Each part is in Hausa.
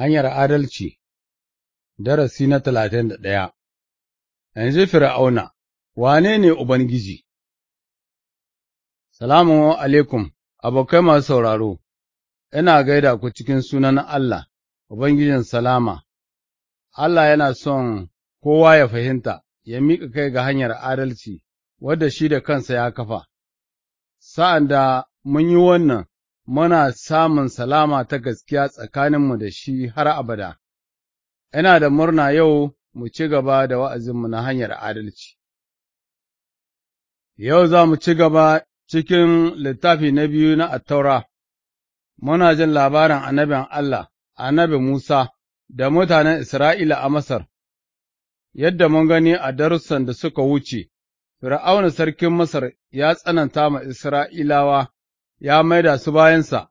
Hanyar Adalci Darasi na talatin da ɗaya Yanzu Fir'auna, wane ne Ubangiji? Salamu alaikum, abokai masu sauraro, ina gaida ku cikin sunan Allah, Ubangijin Salama, Allah yana son kowa ya fahimta, ya miƙa kai ga hanyar adalci, wadda shi da kansa ya kafa. Sa'an da mun yi wannan, muna samun salama ta gaskiya tsakaninmu da shi har abada. Ina da murna yau mu ci gaba da wa'azinmu na hanyar adalci. Yau za mu ci gaba cikin littafi na biyu na attaura, muna jin labarin annabin Allah, annabi Musa, da mutanen Isra'ila a Masar, yadda mun gani a darussan da suka wuce, Fir'auna sarkin Masar ya tsananta ma Isra'ilawa ya maida su bayansa,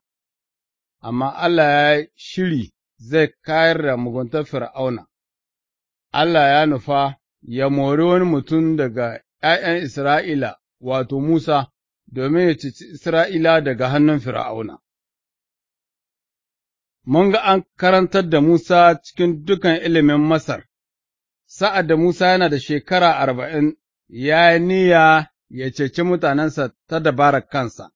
amma Allah ya yi shiri zai kayar da muguntar Fir'auna, Allah ya nufa ya mori wani mutum daga ’ya'yan Isra'ila, wato Musa, domin ya cici Isra'ila daga hannun Fir'auna. Mun ga an karantar da Musa cikin dukan ilimin Masar, sa'ad da Musa yana da shekara arba'in ya yi niyya ya ceci mutanensa ta dabarar kansa.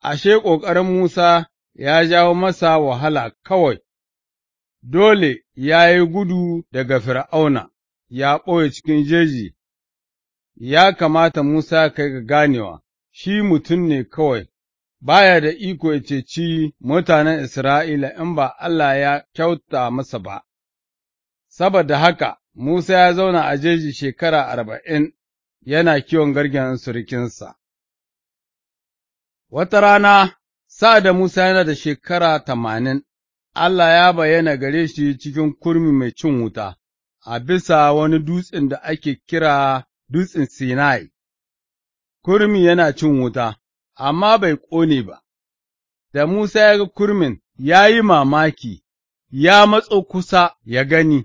ashe ƙoƙarin Musa ya jawo masa wahala kawai, dole ya yi gudu daga Fir'auna, ya ɓoye cikin jeji, ya kamata Musa kai ga ganewa, shi mutum ne kawai, baya da iko ya ceci mutanen Isra'ila in ba Allah ya kyauta masa ba, saboda haka Musa ya zauna a jeji shekara arba'in yana kiwon gargen surukinsa. Wata rana, sa da Musa yana da shekara tamanin, Allah ya bayyana gare shi cikin kurmi mai cin wuta, a bisa wani dutsen da ake kira Dutsen Sinai, kurmi yana cin wuta, amma bai ƙone ba, da Musa ya ga kurmin ya yi mamaki, ya matso kusa ya gani,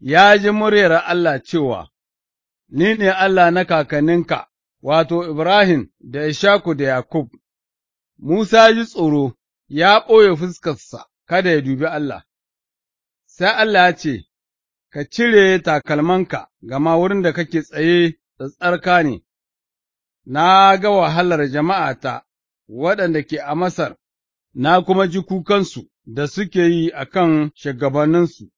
ya ji muryar Allah cewa, Ni ne Allah na kakanninka, wato, Ibrahim da Ishaku da Yakub, Musa ji tsoro ya ɓoye fuskarsa kada ya dubi Allah, sai Allah ya ce, Ka cire takalmanka, gama wurin da kake tsaye tsarka ne, na ga wahalar jama'ata waɗanda ke a Masar, na kuma ji kukansu da suke yi a kan shagabanninsu.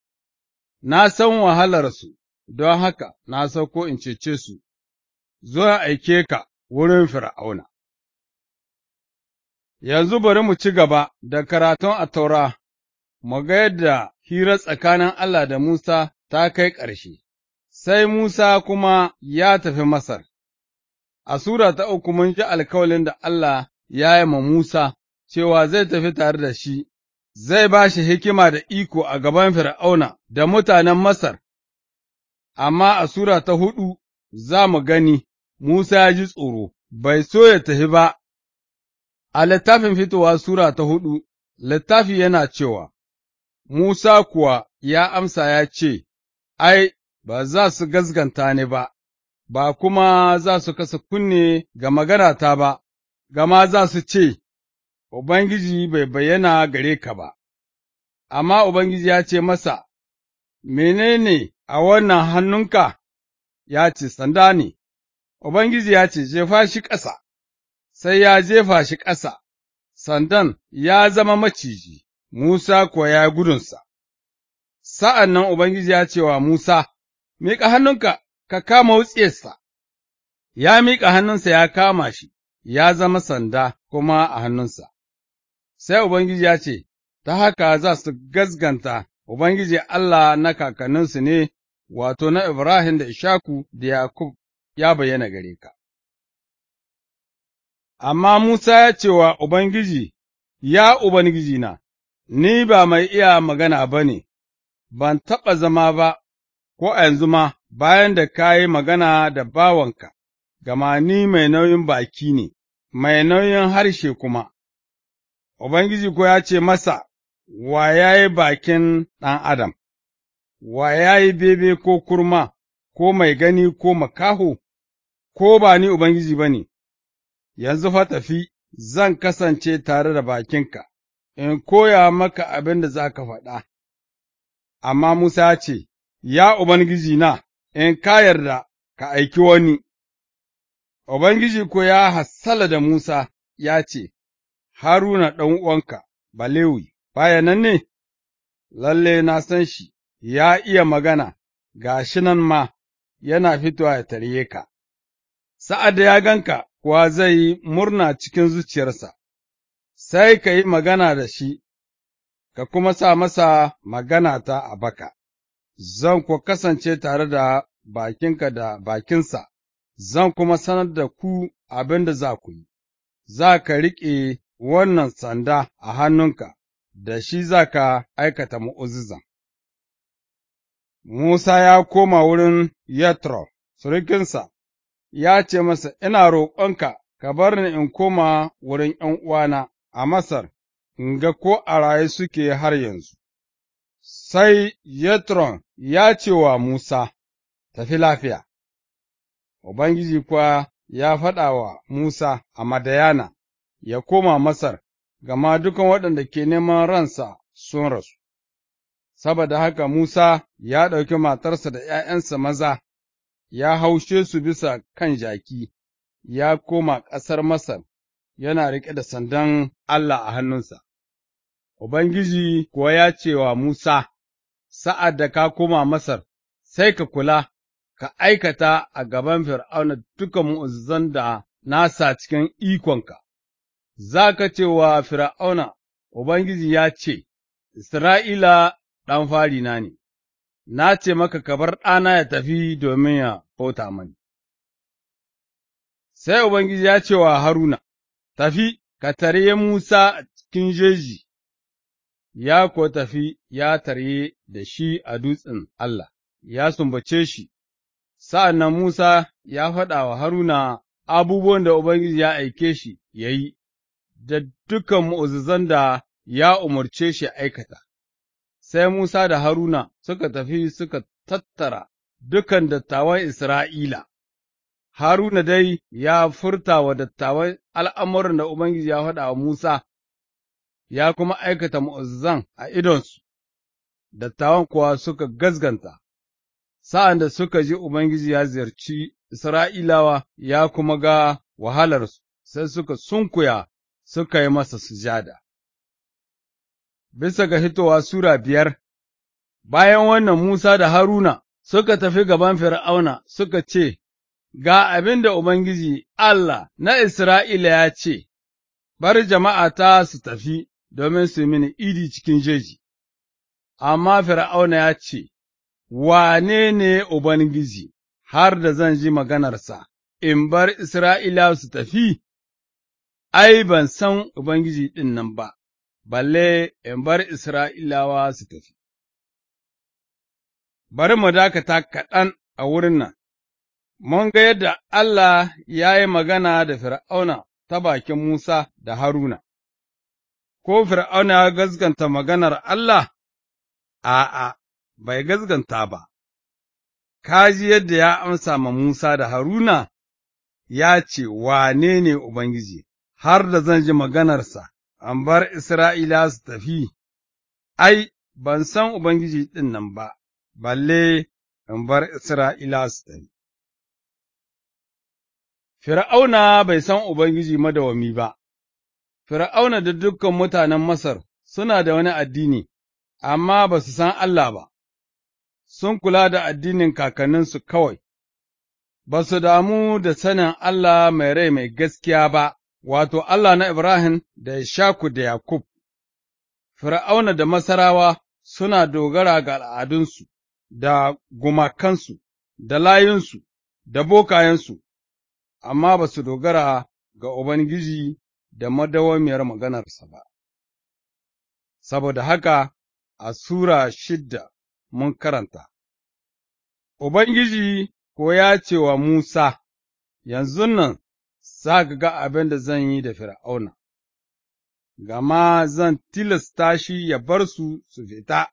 na san wahalarsu, don haka na sauko in cece su. Zuwa aike ka wurin Fir'auna. Yanzu bari mu ci gaba da karatun a taura, mu ga yadda hira tsakanin Allah da Musa ta kai ƙarshe, sai Musa kuma ya tafi Masar. A Sura ta uku mun ji alkawalin da Allah ya yi ma Musa cewa zai tafi tare da shi, zai ba shi hikima da iko a gaban Fir'auna da mutanen Masar, amma a Sura ta huɗu za mu gani Musa ya ji tsoro, bai so ya tafi ba. A littafin fitowa Sura ta hudu, littafi yana cewa, Musa kuwa ya amsa ya ce, Ai, ba za su gazganta ni ba, ba kuma za su kasa kunne ga maganata ba, gama za su ce, Ubangiji bai bayyana gare ka ba, amma Ubangiji ya ce masa, Menene a wannan hannunka? Ya ce, Sanda ne. Ubangiji ya ce, Jefa shi ƙasa, sai ya jefa shi ƙasa, sandan ya zama maciji, Musa kuwa ya gudunsa. Sa'an nan Ubangiji ya ce wa Musa, Miƙa hannunka ka kama wutsiyarsa, ya mika hannunsa ya kama shi, ya zama sanda kuma a hannunsa. Sai Ubangiji ya ce, Ta haka za su gazganta Ubangiji Allah na kakanninsu ne, wato na Ibrahim da Ishaku da Yakub ya bayyana gare ka. Amma Musa ya ce wa Ubangiji, Ya Ubangijina, ni ba mai iya magana ba ne, ban taɓa zama ba, ko a yanzu ma bayan da ka yi magana da bawanka, gama ni mai nauyin baki ne, mai nauyin harshe kuma. Ubangiji ko ya ce masa, Wa ya yi bakin ɗan Adam, wa ya yi bebe ko kurma, ko mai gani ko makaho, ko ba ni Ubangiji ba ne, yanzu fa tafi zan kasance tare da bakinka, in koya maka abin da za ka faɗa. Amma Musa ya ce, Ya Ubangiji na, in ka yarda ka aiki wani, Ubangiji ko ya hassala da Musa ya ce, Haruna ɗan uwanka, Balewi, baya nan ne, lalle na san shi, ya iya magana, ga shi nan ma yana fitowa ya tarye ka. sa'ad da ya ganka kuwa zai yi murna cikin zuciyarsa, sai ka yi magana da shi, ka kuma sa masa magana ta a baka, zan kuwa kasance tare da bakinka da bakinsa, zan kuma sanar da ku abin da za ku yi, za ka riƙe wannan sanda a hannunka, da shi za ka aikata mu'uzizan. Musa ya koma wurin Yatro, surukinsa, ya ce masa, Ina roƙonka, ka bar ni in koma wurin ’yan uwana a Masar, in ga ko a raye suke har yanzu. Sai Yetron ya ce wa Musa, Tafi lafiya, Ubangiji kuwa ya faɗa wa Musa a Madayana, ya koma Masar, gama dukan waɗanda ke neman ransa sun rasu. Saboda haka Musa ya ɗauki matarsa da ’ya'yansa maza ya haushe su bisa kan jaki, ya koma ƙasar Masar, yana riƙe da sandan Allah a hannunsa. Ubangiji kuwa ya ce wa Musa, Sa'ad da ka koma Masar, sai ka kula, ka aikata a gaban Fir'auna dukan mu'uzzan da nasa cikin ikonka, za ka ce wa Fir'auna, Ubangiji ya ce, Isra'ila ɗan farina ne, na ce maka ka bar ɗana ya tafi domin ya bauta mani. Sai Ubangiji ya ce wa Haruna, Tafi, ka tarye Musa a cikin jeji, ya ko tafi ya tarye da shi a dutsen Allah, ya sumbace shi, sa'an nan Musa ya faɗa wa Haruna abubuwan da Ubangiji ya aike shi ya yi, da dukan mu'uzuzan da ya umarce shi aikata. Sai Musa da Haruna suka tafi suka tattara dukan dattawan Isra'ila. Haruna dai ya furta wa dattawan al'amuran da Ubangiji ya faɗa wa Musa, ya kuma aikata mu'azzan a idonsu, dattawan kuwa suka gazganta, sa'an da suka ji Ubangiji ya ziyarci Isra'ilawa ya kuma ga wahalarsu, sai suka sunkuya suka yi masa sujada. Bisa ga hitowa Sura biyar, bayan wannan Musa da Haruna suka tafi gaban Fir'auna suka ce, Ga abin da Ubangiji Allah na Isra'ila ya ce, Bari jama'ata su tafi domin su mini idi cikin jeji, amma Fir'auna ya ce, Wane ne Ubangiji har da zan ji maganarsa, in bar Isra'ila su tafi? Ai, ban san Ubangiji ɗin nan ba, balle in bar Isra'ilawa su tafi. bari mu dakata kaɗan a wurin nan, mun ga yadda Allah ya yi magana da Fir'auna ta bakin Musa da Haruna, ko Fir'auna ya gaskanta maganar Allah? A'a, bai gaskanta ba, ka ji yadda ya amsa ma Musa da Haruna, ya ce, Wane ne Ubangiji, har da zan ji maganarsa, an bar Isra'ila su tafi, ai, ban san Ubangiji ɗin nan ba. balle in bar Isra'ila su tafi. Fir'auna bai san Ubangiji madawami ba, Fir'auna da dukkan mutanen Masar suna da wani addini, amma ba su san Allah ba, sun kula da addinin kakanninsu kawai, ba su damu da sanin Allah mai rai mai gaskiya ba, wato Allah na Ibrahim da Ishaku da Yakub. Fir'auna da Masarawa suna dogara ga al'adunsu, da gumakansu, da layunsu, da bokayensu, amma ba su dogara ga Ubangiji da madawamiyar maganarsa ba. Saboda haka, a Sura shidda mun karanta, Ubangiji ko ya ce wa Musa, Yanzu nan za ka ga abin da zan yi da Fir'auna, gama zan tilasta shi ya bar su su fita,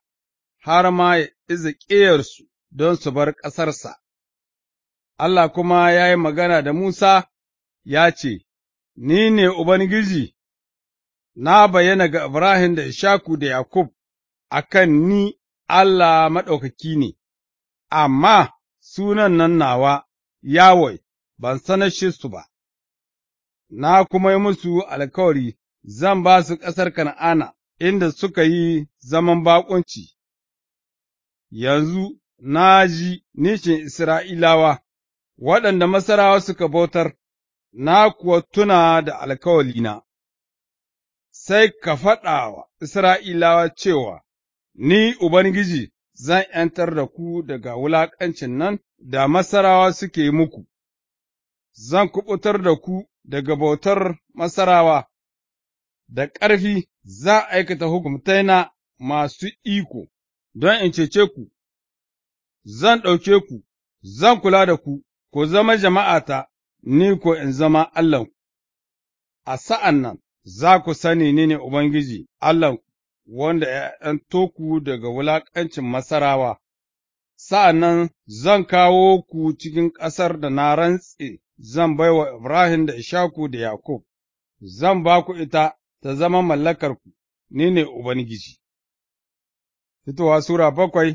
har ma ya iza don su bar ƙasarsa. Allah kuma ya yi magana da Musa ya ce, Ni ne Ubangiji, na bayyana ga Ibrahim da Ishaku da Yakub a kan ni Allah maɗaukaki ne, amma sunan nan nawa, yawai, ban sanashe su ba, na kuma yi musu alkawari zan ba su ƙasar Kan'ana inda suka yi zaman baƙunci. yanzu na ji nishin Isra'ilawa, waɗanda Masarawa suka bautar, na kuwa tuna da alkawalina, sai ka faɗa wa Isra'ilawa cewa, Ni Ubangiji zan ’yantar da ku daga wulaƙancin nan da Masarawa suke muku, zan kuɓutar da ku daga bautar Masarawa, da ƙarfi za a aikata hukumtaina masu iko. don in cece ku, zan ɗauke ku, zan kula da ku, ko zama jama'ata, ni ko in zama Allahnku. A sa'an nan za ku sani ni ne Ubangiji Allahnku, wanda ’ya’yan toku daga wulaƙancin Masarawa, sa'an nan zan kawo ku cikin ƙasar da na rantse zan bai wa Ibrahim da Ishaku da Yakub, zan ba ku ita ta zama mallakarku, ni ne Ubangiji. Fitowa Sura bakwai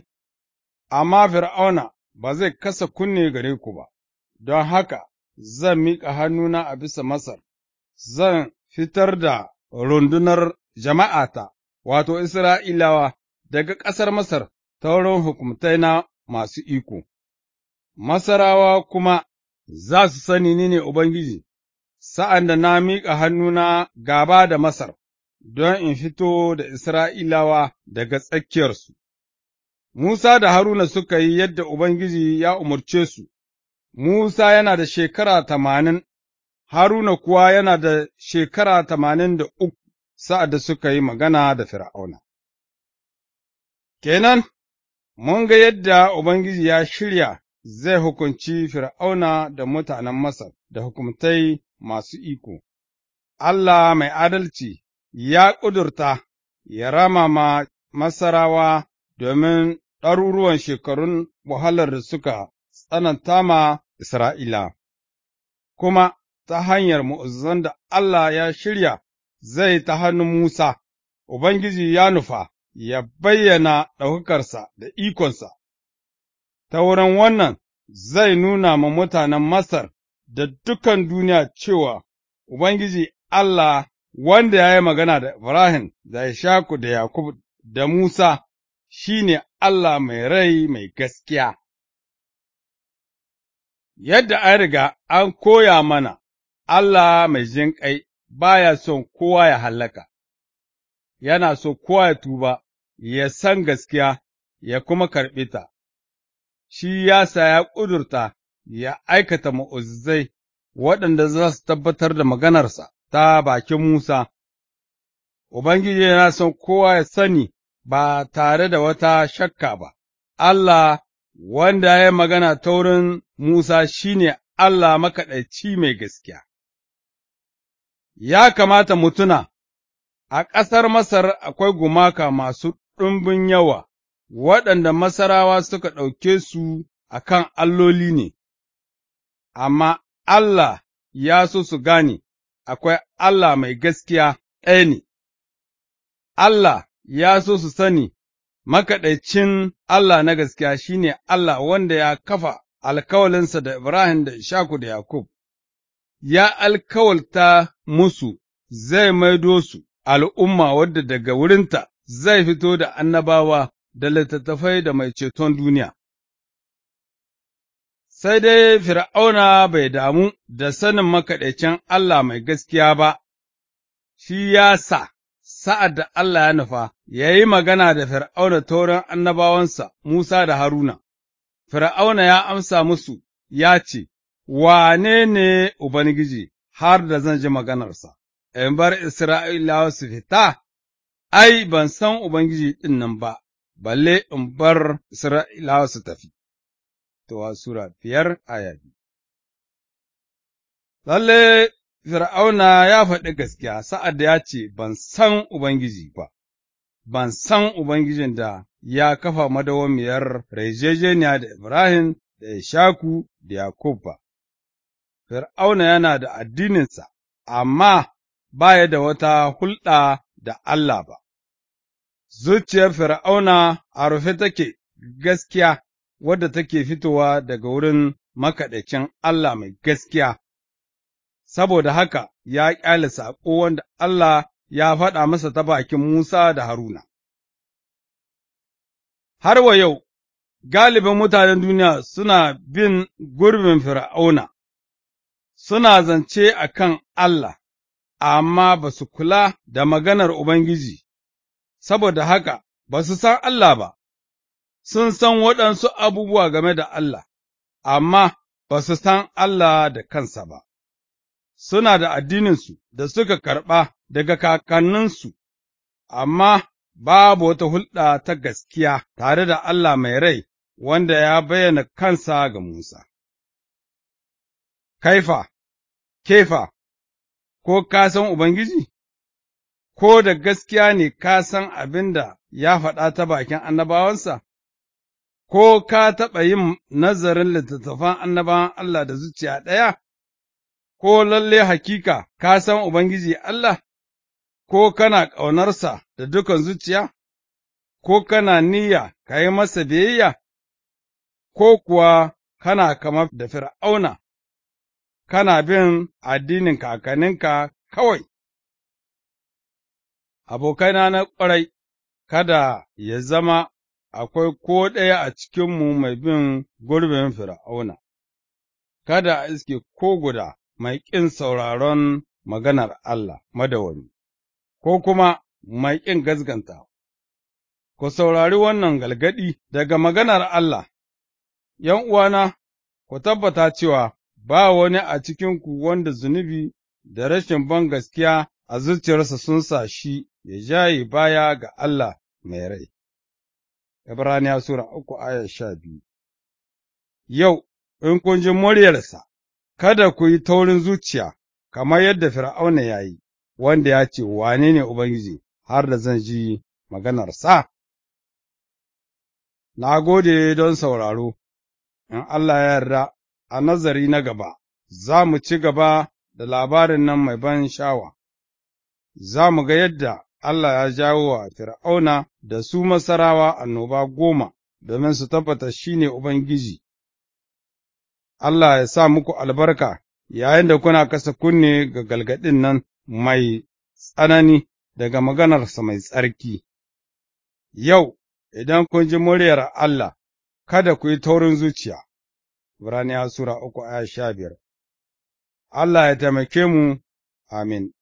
Amma Fir'auna ba zai kasa kunne gare ku ba, don haka zan miƙa hannuna a bisa Masar, zan fitar da rundunar jama'ata, wato, Isra'ilawa, daga ƙasar Masar ta wurin na masu iko, Masarawa kuma za su sani ni ne Ubangiji, sa'an da na miƙa hannuna gaba da Masar. don in fito da Isra'ilawa daga tsakiyarsu. Musa da Haruna suka yi yadda Ubangiji ya umarce su, Musa yana da shekara tamanin, Haruna kuwa yana da shekara tamanin da uku sa'ad da suka yi magana da Fir'auna. Kenan, mun ga yadda Ubangiji ya shirya zai hukunci Fir'auna da mutanen Masar da hukumtai masu iko, Allah mai adalci ya ƙudurta ya rama ma Masarawa domin ɗaruruwan shekarun wahalar da suka tsananta ma Isra'ila, kuma ta hanyar mu’azzan da Allah ya shirya zai ta hannun Musa, Ubangiji ya nufa ya bayyana ɗaukarsa da ikonsa, ta wurin wannan zai nuna ma mutanen Masar da dukan duniya cewa Ubangiji Allah wanda ya yi magana da Ibrahim, da Ishaku, da Yakub, da Musa, shi ne Allah mai rai mai gaskiya. Yadda an riga an koya mana, Allah mai jinƙai ya son kowa ya hallaka, yana so kowa ya tuba, ya san gaskiya, ya kuma karɓi ta, shi ya sa ya ƙudurta, ya aikata ma'uzzai waɗanda za su tabbatar da maganarsa. ta bakin Musa, Ubangiji yana son kowa ya sani ba tare da wata shakka ba, Allah wanda ya magana ta wurin Musa shi ne Allah makaɗaici mai gaskiya. Ya kamata mu tuna, a ƙasar Masar akwai gumaka masu ɗumbin yawa, waɗanda Masarawa suka ɗauke su a kan alloli ne, amma Allah ya so su gane akwai Allah mai gaskiya ɗaya ne, Allah ya so su sani makaɗaicin Allah na gaskiya shi ne Allah wanda ya kafa alkawalinsa da Ibrahim da Ishaku da Yakub, ya alkawalta musu zai maido su al'umma wadda daga wurinta zai fito da annabawa da littattafai da mai ceton duniya. sai dai Fir'auna bai damu da sanin makaɗaicin Allah mai gaskiya ba, shi ya sa, sa'ad da Allah ya nufa, ya yi magana da Fir'auna taurin annabawansa Musa da Haruna, Fir'auna ya amsa musu, ya ce, Wane ne Ubangiji har da zan ji maganarsa, in bar Isra'ilawa su fita, ai, ban san Ubangiji ɗin nan ba, balle in bar Isra'ilawa su tafi. Fitowa Sura biyar aya Lalle Fir'auna ya faɗi gaskiya sa'ad da ya ce, Ban san Ubangiji ba, ban san Ubangijin da ya kafa madawamiyar rejejeniya da Ibrahim da Ishaku da Yakub ba. Fir'auna yana da addininsa, amma ba ya da wata hulɗa da Allah ba. Zuciyar Fir'auna a rufe take gaskiya wadda take fitowa daga wurin makaɗacin Allah mai gaskiya, saboda haka ya ƙyale saƙo wanda Allah ya faɗa masa ta bakin Musa da Haruna. Har wa yau, galibin mutanen duniya suna bin gurbin Fir'auna, suna zance a kan Allah, amma ba su kula da maganar Ubangiji, saboda haka ba su san Allah ba, sun san waɗansu abubuwa game da Allah, amma ba su san Allah da kansa ba, suna da addininsu da suka karɓa daga kakanninsu, amma babu wata hulɗa ta gaskiya tare da Allah mai rai wanda ya bayyana kansa ga Musa. Kaifa, kefa, ko ka san Ubangiji? Ko da gaskiya ne ka san abin da ya faɗa ta bakin annabawansa? ko ka taɓa yin nazarin littattafan annaban Allah da zuciya ɗaya, ko lalle hakika ka san Ubangiji Allah, ko kana ƙaunarsa da dukan zuciya, ko kana niyya ka yi masa biyayya, ko kuwa kana kama da fir'auna, kana bin addinin kakaninka kawai. Abokaina na ƙwarai, kada ya zama akwai ko ɗaya a cikinmu mai bin gurbin Fir'auna, kada a iske ko guda mai ƙin sauraron maganar Allah madawani, ko kuma mai ƙin gazganta, ku saurari wannan galgadi daga maganar Allah, ’yan uwana, ku tabbata cewa ba wani a cikinku wanda zunubi da rashin ban gaskiya a zuciyarsa sun sa shi ya jaye baya ga Allah mai rai. Ibraniya Sura uku aya sha biyu. Yau, in kun ji muryarsa, kada ku yi taurin zuciya, kamar yadda Fir'auna ya yi, wanda ya ce, Wane ne Ubangiji, har da zan ji maganarsa? Na gode don sauraro, in Allah ya yarda, a nazari na gaba, za mu ci gaba da labarin nan mai ban sha'awa, za mu ga yadda Allah ya jawo wa Fir'auna da su Masarawa annoba goma domin su tabbata shi ne Ubangiji. Allah ya sa muku albarka yayin da kuna kasa kunne ga galgadin nan mai tsanani daga maganarsa mai tsarki. Yau, idan kun ji muryar Allah, kada ku yi taurin zuciya, Biraniya Sura uku aya sha biyar. Allah ya taimake mu, amin.